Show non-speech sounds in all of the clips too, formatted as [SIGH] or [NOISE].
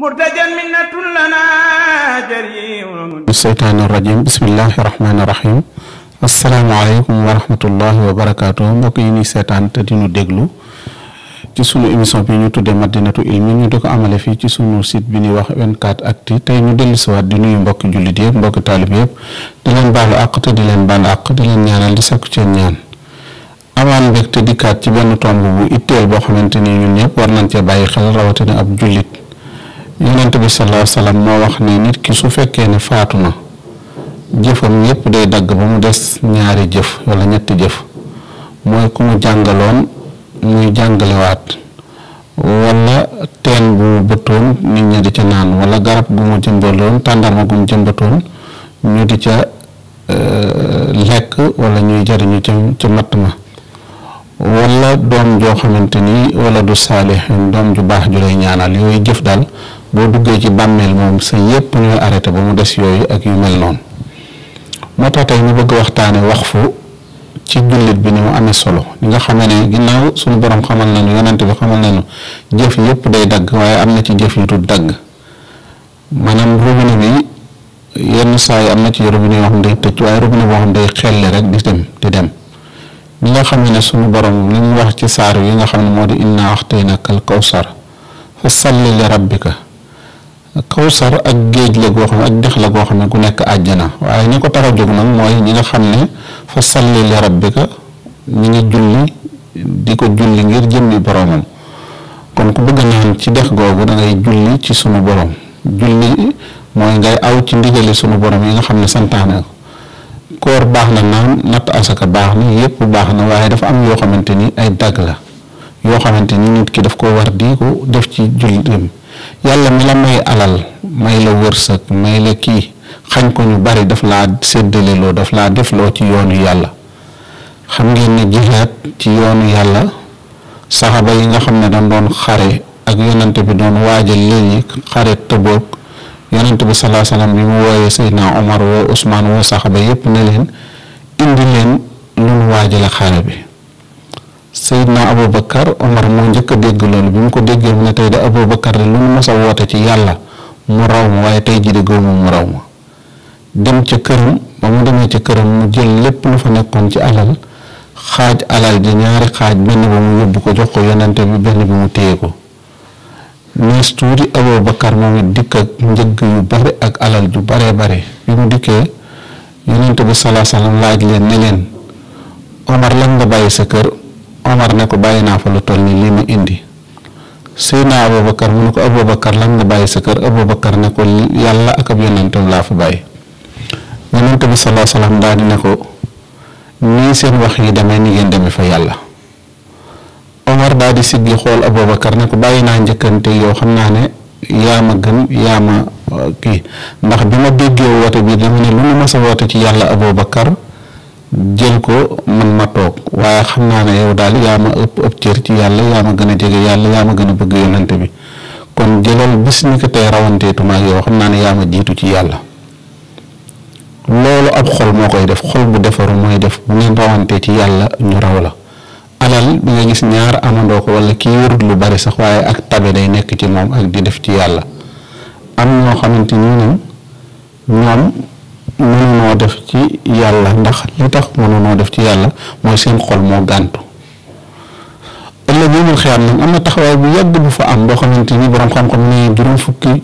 murtajan minnatun lana jariun seytaani rajim bismillahi rahmaani rahim asalaamaaleykum wa rahmatullahi wa barakaatu mbokk yi ñuy seetaan te di ñu déglu ci sunu émission bi ñu tuddee madinatu ilmi ñu di ko amale fii ci sunu sit bi ñuy wax 24 actu tey ñu dellusiwaat di nuyu mbokki jullit yëpp mbokki taalib yëpp di leen baalu àq te di leen baal àq di leen ñaanal di sakku seen ñaan amaan mbég te dikkaat ci benn tomb bu itteel boo xamante ni ñun ñëpp war nañ cee bàyyi xel rawatina ab jullit yonent bi sallallahu alayhi wa moo wax ne nit ki su fekkee ne faatu na jëfam yépp day dagg ba mu des ñaari jëf walla ñetti jëf mooy ku mu jàngaloon muy jàngalewaat wala teen bu mu bëtoon nit ñi di ca naan wala garab gu mu jëmbaloon tàndarma gu mu ñu di ca euh, lekk walla ñuy jariñu ca ca matt ma wala doom joo xamante ni walla du saalixin doom ju baax ju lay ñaanal yooyu jëf daal boo duggee ci bàmmeel moom sa yépp ñooy arrêté ba mu des yooyu ak yu mel noonu moo tax tey ñu bëgg waxtaane fu ci jullit bi ni mu amee solo li nga xamee ne ginnaaw suñu borom xamal nañu yonent bi xamal nañu jëf yépp day dagg waaye am na ci jëf yu dul dagg maanaam robinet bi yenn saa yi am na ci robinet yoo xam day tëj waaye robinet boo xam day xelli rek di dem di dem li nga xam ne suñu borom li wax ci saar yi nga xam ne moo di inna axtaynaka al kawsar fa salli li rabbika kawsar ak géej la goo xam ne ak dex la goo xam ne ku nekk àjjana waaye ñi ko tax a jóg nag mooy ñi nga xam ne fa salli li rabbika ñi nga julli di ko julli ngir jëmmi boromam kon ku bëgg naan ci dex googu da ngay julli ci sunu borom julli mooy ngay aw ci ndigali sunu borom yi nga xam ne santaane koor baax na naan natt asaka baax na yépp baax na waaye dafa am yoo xamante ni ay dagg la yoo xamante ni nit ki daf ko war di ko def ci jullitam yàlla mi la may alal may la wërsëg may la kii xañ ko ñu bari daf laa séddaleloo daf laa defloo ci yoonu yàlla xam ngeen ne jihaat ci yoonu yàlla saxaba yi nga xam ne dañ doon xare ak yonante bi doon waajal léegi xare Tabuk yonante bi salaa salaam bi mu Omar woo Ousmane woo saxaba yépp ne leen indi leen lu nu waajale xare bi Seydina Aboubacar Omar moo njëkk dégg loolu bi mu ko déggee mu ne tey de Aboubacar de lu mu mos a woote ci yàlla mu raw ma waaye tey jii de góob mu raw ma dem ca këram ba mu demee ca këram mu jël lépp lu fa nekkoon ci alal xaaj alal ji ñaari xaaj benn ba mu yóbbu ko jox ko yonente bi benn bi mu téye ko nees tuuti Aboubacar moom it dikk ak njëgg yu bare ak alal ju bare bare bi mu dikkee yonente bi salaa salaam laaj leen ne leen Omar lan nga bàyyi Omar ne ko bàyyi naa fa lu toll nii lii ma indi Seydina Aboubacar mu ne ko Aboubacar lan nga bàyyi sa kër ne ko yàlla ak ab yonentam laa fa bàyyi yonent bi salaa salaam daal di ne ko nii seen wax yi demee fa yàlla Omar daal di siggi xool Aboubacar ne ko bàyyi uh, ma déggee woote bi dama ne lu ma mës a woote ci yàlla Aboubacar. jël ko man ma toog waaye xam naa ne yow daal yaa ma ëpp ëpp cër ci yàlla yaa ma gën a jege yàlla yaa ma gën a bëgg yonante bi kon jëlal bis ni ko tey rawanteetuma ak xam naa ne yaa ma jiitu ci yàlla loolu ab xol moo koy def xol bu defaru mooy def bu ngeen rawante ci yàlla ñu raw la alal bi gis ñaar amandoo ko wala kii warut lu bari sax waaye ak tabe day nekk ci moom ak di def ci yàlla am ñoo xamante ni ñoom mënunoo def ci yàlla ndax li tax mënunoo def ci yàlla mooy seen xol moo gàntu ëllëg yoomal xiyaam nag am na taxawaay bu yàgg bu fa am boo xamante ni borom xam-xam ne juróom fukki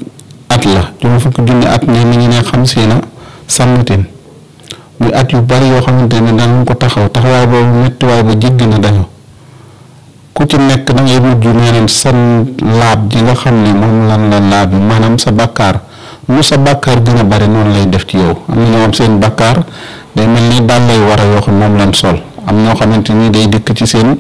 at la juróom fukki junni at ne mi ngi ne xam si na sàmmatin muy at yu bari yoo xamante ne danañ ko taxaw taxawaay boobu méttiwaay ba jéggi na dañu ku nekk da ngay mujj nee neen laab ji nga xam ne moom lan la laab maanaam sa bakkaar lu sa bàkkaar gën a bari noonu lay def ci yow am na ñoo xam seen bàkkaar day mel ni daal lay war a yoo xam moom leen sol am ñoo xamante ni day dikk ci seen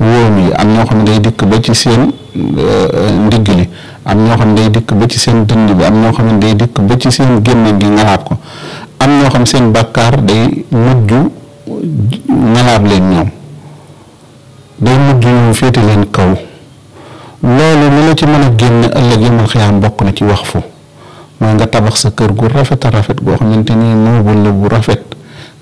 wóom yi am ñoo xam ne day dikk ba ci seen euh, ndigg li am ñoo xam ne day dikk ba ci seen dënd bi am ñoo xam ne day dikk ba ci seen gémmiñ gi ngalaab ko am ñoo xam seen bàkkaar day mujj ngalaab leen ñoom day mujj ñoom féete leen kaw loolu lu la ci mën a génn ëllëg yamal xiyaam bokk na ci wax fu mooy nga tabax sa kër gu rafet a rafet goo xamante ni noobul la bu rafet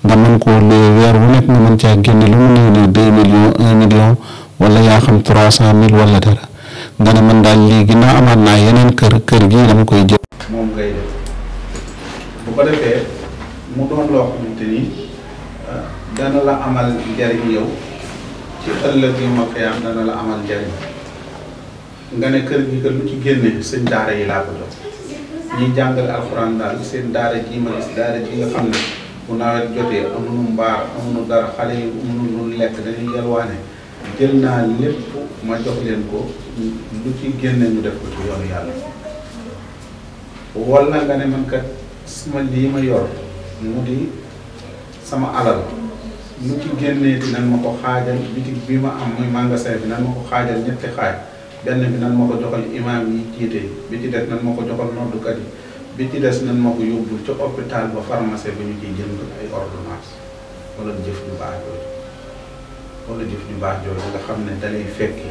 nga mën koo lee weer wu nekk nga mën caa génne lu mu néew ne deux millions million wala yaa xam trois cent mille wala dara nga ne man daal kër kër gii koy jël. moom ngay ah, amal njariñ yow ci ëllëg yu ma koy dana la amal njariñ nga ne kër gi kër lu ci génne sëñ daara yi laa ko jox. ñiy jàngale alxuraan daal seen daara ji ma gis daara ji nga xam ne bu nawet jotee amuñu mbaar amuñu dara xale yi amuñu lu lekk dañuy yalwaane jël naa lépp ma jox leen ko lu ci génne ñu def ko ci yoonu yàlla wala nga ne man kat sama lii ma yor mu di sama alal lu ci génnee dinañ ma ko xaajal bitig bi ma am muy magasin bi nan ma ko xaajal ñetti xaaj benn bi nan moo ko joxal imaam yi jiite bi ci des nan moo ko joxal noddukat yi bi ci des nan moo ko yóbbul ca hôpital ba pharmacie ba ñu ciy jënd ay ordonnance walla jëf ñu baax jooju wala jëf ñu baax jooju nga xam ne dalay fekki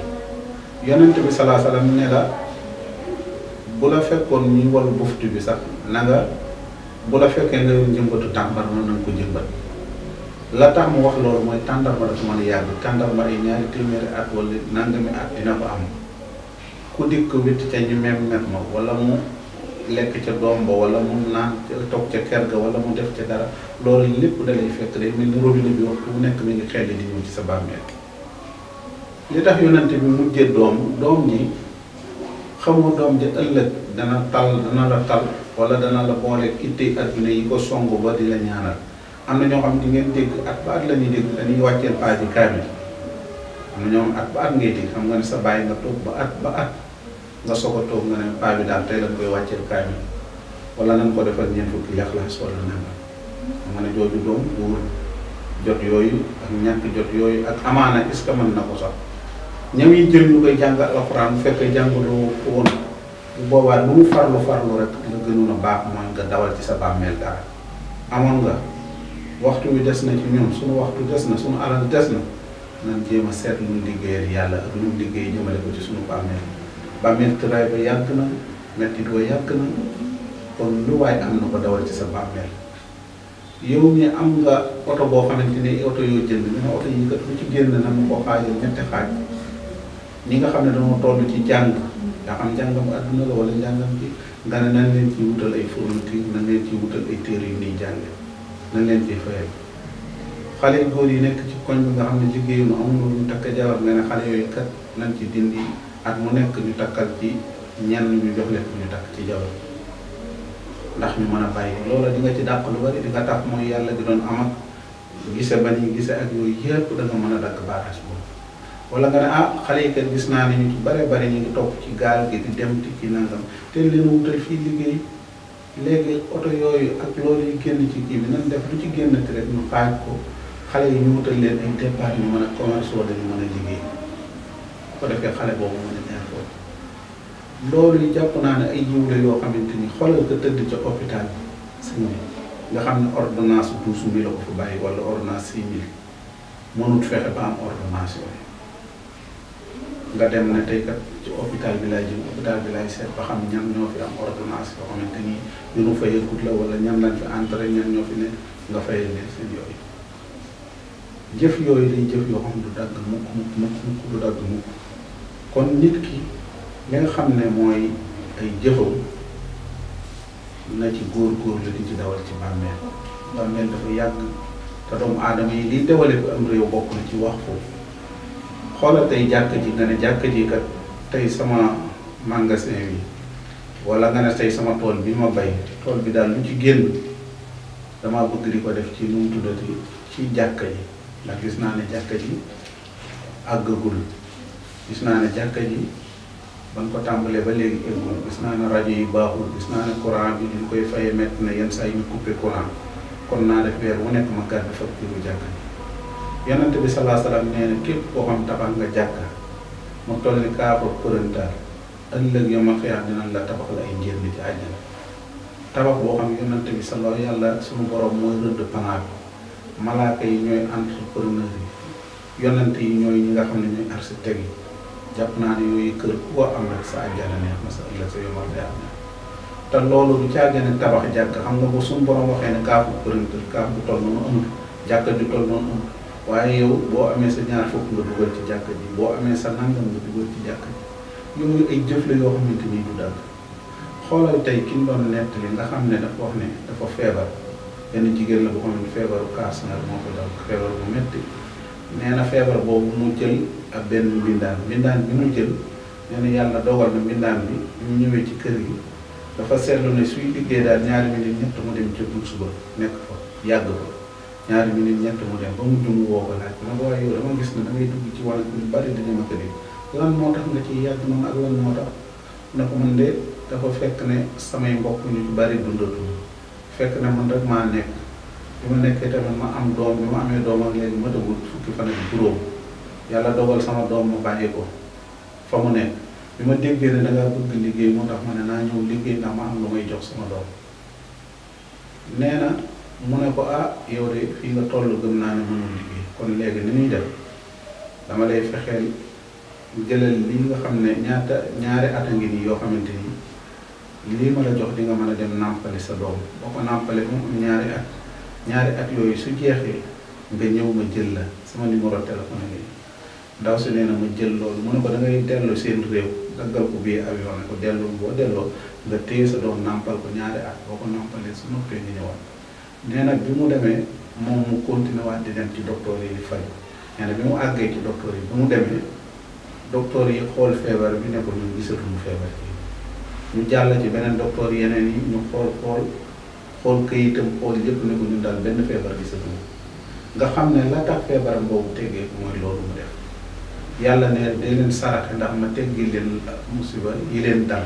yonent bi salaa salaam ne la bu la fekkoon ñuy wal buftu bi sax na bu la fekkee nga jëmbatu tàmbar mën na nga ko jëmbat la tax mu wax loolu mooy tàndarma dafa mën a yàgg tàndarma ay ñaari téeméeri at wala nangami am ku dikk witt ca ñu mem mem ma wala mu lekk ca doom ba wala mu naan toog ca kër ga wala mu def ca dara loolu lépp da lay fekk day mel ni robinet nekk mi ngi xel di ñëw ci sa bàmmeel li tax yonent bi mujjee doom doom ñi xamu doom ji ëllëg dana tal dana la tal wala dana la boole itte adduna yi ko songu ba di la ñaanal am na ñoo xam di ngeen dégg at ba at la ñuy dégg dañuy wàcceel paaji kaamil am na ñoo xam at ba at ngay dégg xam nga ne sa bàyyi nga toog ba at ba at nga soog a toog nga ne paa bi daal tey lañ koy wàcceel kaamil wala nañ ko defal ñeent fukki yaxlaas wala nangam ma ne jooju doom buur jot yooyu ak ñàkk jot yooyu ak amaana est ce que mën na ko sax ñam yi jël ñu koy jàng alxuraan bu fekkee jàngaloo woon bu boobaa lu mu farlu farlu rek la gënoon a baax mooy nga dawal ci sa bàmmeel dara amoon nga waxtu bi des na ci ñun suñu waxtu des na suñu alal des na nan jéem a seet lu mu liggéeyal yàlla ak lu mu liggéey jëmale ci suñu bàmmeel bàmmeel tëraay ba yàgg na mettit wa yàgg na kon lu waaye am na ko dawal ci sa bàmmeel yow mi am nga oto boo xamante ne oto yoo jënd ñu ne oto yi kat lu ci génn na mu ko xaajal ñetti xaaj ñi nga xam ne dañoo toll ci jàng nga xam njàngam adduna la wala njàngam bi nga ne nan leen ci wutal ay fourniture nan leen ci wutal ay téere yu ñuy jànge nan leen ciy fayal xale góor yi nekk ci koñ bi nga xam ne jigéen ñi amul lu takk jabar nga ne xale yooyu kat nañ ci dindi ak mu nekk ñu takkal ci ñenn ñu jox leen ñu takk ci jabar ndax ñu mën a bàyyi loola di ci dàq lu bari di nga tax mooy yàlla di doon am ak gise ba ñuy gise ak yooyu yëpp da nga mën a dakk barrage boobu wala nga ne ah xale yi kat gis naa ne ñu ci bare bare ñu ngi topp ci gaal gi di dem ci kii nangam te leen wutal fii liggéey léegi oto yooyu ak loolu yi génn ci kii bi nan def lu ci génn rek ñu xaaj ko xale yi ñu wutal leen ay départ ñu mën a commerce wala ñu mën a liggéey ko defee xale boobu mu ne neex loolu loolu jàpp naa ne ay jiw yoo xamante ni xoolal ko tëdd ca hôpital sëñ bi nga xam ne ordonnance douze mille la ko fa bàyyi wala ordonnance six mille mënut fexe ba am ordonnance yooyu nga dem ne tey ka ci hôpital bi laay jëm hôpital bi laay seet ba xam ñan ñoo fi am ordonnance yoo xamante ni ñu nu fayal kut la wala ñan lañ fi entré ñan ñoo fi ne nga fay leen seen yooyu jëf yooyu lay jëf yoo xam du dagg mukk mukk mukk kon nit ki li nga xam ne mooy ay jëfam na ci góor góorgóorlu di ci dawal ci bàmmeel bàmmeel dafa yàgg te doomu aadama yi liy dawale ko am réew bokk na ci wax foofu xoolal tey jàkk ji nga ne jàkk ji kat tey sama magasin yi walla nga ne sama tool bi ma bay tool bi daal lu ci génn damaa bëgg di ko def ci nu mu tuddati ci jàkk ji ndax gis naa ne jàkk ji àggagul gis naa ne jàkka ji ba nga ko tàmbalee ba léegi eggul gis naa ne rajo yi baaxul gis naa ne courant bi duñ koy fayee métti na yenn saa yi ñu coupé courant kon naa def weer wu nekk ma gàddu facture jàkka ji yonent bi salaa salaam nee na képp koo xam tabax nga jàkka mu toll ni kaaba la tabaxal ay ci àjjana tabax boo xam yonent yàlla suñu borom mooy rëdd plan bi malaaka yi ñooy entrepreneur yi yonent yi ñooy ñi nga xam ne ñooy architecte yi jàpp naa ne yooyu kër ku ko am rek sa àjjana neex na sa ëllëg sa yomal day am te loolu du caagin ne tabax jàkk xam nga bu suñu borom waxee ne kaafu përintir kaaf bu waaye boo amee sa ñaar fukk nga ci jàkka ji boo amee sa nangam nga dugal ci jàkka ji yooyu ay jëf la yoo xamante ni du dagg xoolal tey ki ñu doon nettali nga xam ne dafa wax ne dafa feebar benn jigéen la boo xam ne feebaru kaas na moo ko dal feebar bu métti. nee na feebar boobu mu jël ak benn mbindaan mbindaan bi mu jël nee yàlla dogal na mbindaan bi ñu ñëwee ci kër gi dafa seetlu ni suy liggéey daal ñaari minit ñett mu dem ca suba nekk fa yàgg fa ñaari minit ñett mu dem ba mu jum woo ko laaj dina ko waaye dama gis ne da ngay dugg ci wàllu lu bari dina ma kër yi lan moo tax nga ciy yàgg noonu ak lan moo tax na ko mën de dafa fekk ne samay mbokk ñu bari dundatul fekk ne man rek maa nekk. bi ma nekkee tamit ma am doom bi ma amee doom ak léegi ma dëggul fukki fan ak juróom yàlla dogal sama doom ma bàyyi ko fa bi ma déggee ne da liggéey moo tax ma ne naa ñëw liggéey ndax ma am lu may jox sama doom nee na mu ne ko ah yow de fii nga toll gëm naa ne mënul liggéey kon léegi ni ñuy def dama lay fexeel jëlal li nga xam ne ñaata ñaari at nii yoo xamante ni lii ma la jox di nga mën a dem nàmpale sa doom boo ko nàmpale mu am at. ñaari at yooyu su jeexee nga ñëw ma jël la sama numéro téléphone yi ndaw si nee na ma jël loolu mu ne ko da delloo seen réew daggal ko bii avion ne ko delloo boo delloo nga téye sa doom nàmpal ko ñaari at boo ko nàmpalee su noppee ñu ñëwaat nee bi mu demee moom mu continué waat di dem ci docteur yi di faj nee na bi mu àggee ci docteur yi bi mu demee docteur yi xool feebar bi ne ko ñun feebar bi ñu jàll ci beneen docteur yeneen yi ñu xool xool. xool këyitam xool yëpp ne ko ñu daal benn feebar gisatuñu nga xam ne la tax feebaram boobu teggeeku mooy loolu mu def yàlla ne day leen saraxe ndax ma teggi leen musiba yi leen dal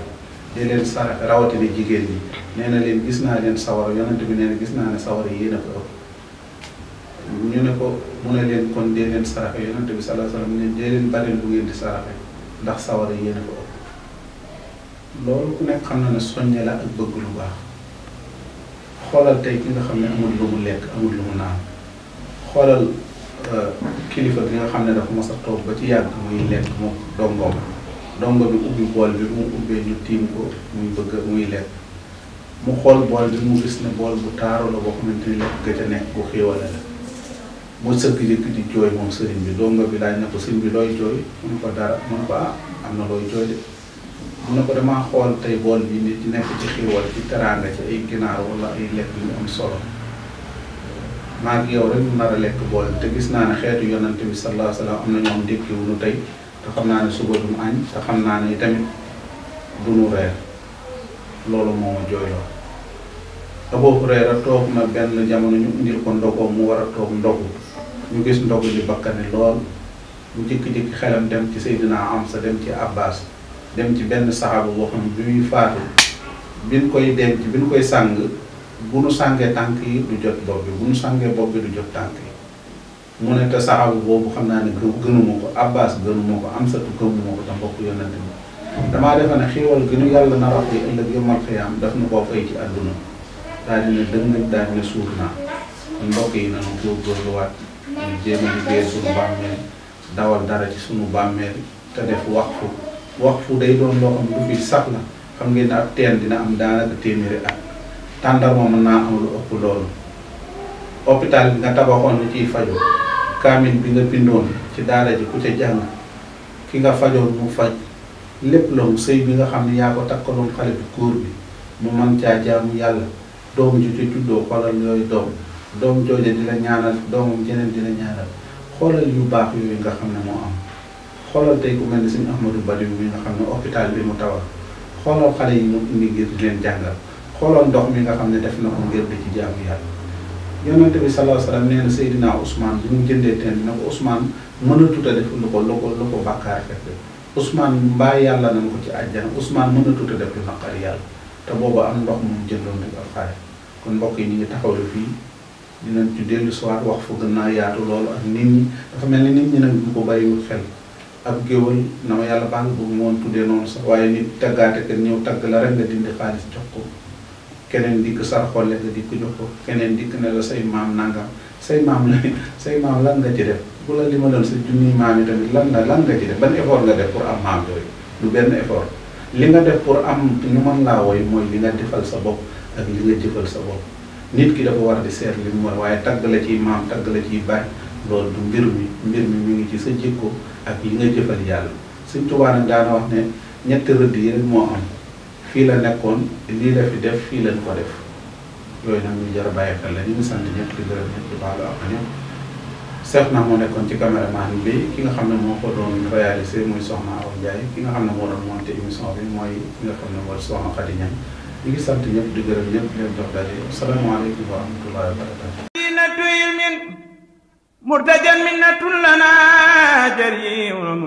day leen saraxe rawatina jigéen yi nee na leen gis naa leen sawar yonent bi nee gis naa ne sawar yéen a ko ëpp ñu ne ko mu ne leen kon dee leen saraxe yonent bi sallallahu alayhi dee leen baril bu ngeen di saraxe ndax sawara yi yéen a ko ëpp loolu ku nekk xam na ne la ak bëgg lu baax xoolal tey ki nga xam ne amul lu mu lekk amul lu mu naan xoolal euh, kilifa bi nga xam ne dafa mos a toog ba ci yàgg muy lekk moom dongoom dongo bi ubbi bool bi mu ubbee ñu tiim ko muy bëgg muy lekk mu xool bool bi mu gis ne bool bu taaru la boo xamante ni lekk ga ca nekk bu xéewale la mu sëgg yëkk di jooy moom sëriñ bi dongo bi laaj na sëriñ bi looy jooy mu ne ko dara mu ne ko ah am na looy jooy mu na ko damaa xool tey bool bi nit di nekk ci xiiwal ci teraanga ci ay ginaar wala ay lekk yu am solo maa yow rek ñu a lekk bool te gis naa ne xeetu yonent bi sallallahu alayhi am na ñoom dékki wuñu naa ne suba du naa ne tamit du nu loolu moo ma jooyloo Abu toog na benn jamono mu war a toog ndogu gis ndogu li bakkane lool mu jékki-jékki dem ci Seydina Amsa dem ci Abbas dem ci benn saxaaba boo xam ne bi muy faatu biñ koy denc biñ koy sàng bu nu sàngee tànk yi du jot bopp bi bu nu sàngee bopp bi du jot tànk yi mu ne te saxaaba boobu xam naa ne gënuma ko abbas gënuma ko amsatu gënuma ko te mbokk yonente bi damaa defe ne yi ci àdduna daal ne dëng daal di ne suuf naa mbokk yi nanu góorgóorluwaat ñu jéem a liggéey suñu bàmmeel dawal dara ci suñu bàmmeel te def waxtu waqfu day doon loo xam ne du fi sax la xam ngeen ne ab teen dina am daanaka téeméeri at tàndarma mën naa am lu ëpp loolu hôpital bi nga tabaxoon ni ciy faju kaamin bi nga bindoon ci daara ji ku ca jàng ki nga fajoon mu faj lépp la sëy bi nga xam ne yaa ko takkaloon xale bu góor bi mu man caa jaamu yàlla doom ju ci juddoo xoolal yooyu doom doom jooja di la ñaanal doomam jeneen dina la ñaanal yu baax yooyu nga xam ne moo am xoolal tey ku mel ne suñu Ahmadou Badi mi nga xam ne hôpital bi mu tawa xoolal xale yi ñu indi ngir di leen jàngal xoolal ndox mi nga xam ne def na ko ngir di ci jaamu yàlla yonente bi salaahu salaam nee na Seydina bi mu jëndee teen na ko Ousmane mënatut a def lu ko ko lu ko bàkkaar fekk Ousmane yàlla na ko ci àjjana Ousmane mënatut a def lu naqar te booba am ndox moom jëndoon kon mbokk yi ñu ngi taxawlu fii dinañ ci wax fu gën naa yaatu loolu ak nit ñi dafa mel ni nit ñi nag bu ko bàyyiwul xel. ab géwal na ma yàlla baal bu mu woon tuddee noonu sax waaye nit taggaate kat ñëw tagg la rek nga dindi xaalis jox ko keneen dikk sar xolle nga dikk jox ko keneen dikk ne la say maam nangam say maam la [LAUGHS] say maam lan nga ci def bu la li ma doon sa junniy maam yi tamit lan la lan nga ci def ban effort nga def pour am maam yooyu benn effort li nga def pour am ñu man laa woy mooy li nga defal sa bopp ak li nga jëfal sa bopp nit ki dafa war di seet li mu war waaye tagg la ciy maam tagg la ciy bàyyi loolu du mbir mi mbir mi mi ngi ci sa jikko ak yi nga jëfal yàlla suñ tubaa nag daana wax ne ñetti rëdd yi moo am fii la nekkoon lii la fi def fii lañ ko def yooyu nag ñu jar bàyyi xel la ngi sant ñëpp di gërëm ñëpp di baalu ak ñëpp seet na moo nekkoon ci caméraman bi ki nga xam ne moo ko muy Soxna Awa ki nga xam ne moo doon monté mooy ki nga sant ñëpp di gërëm ñëpp leen murtajan minnatun lana jariun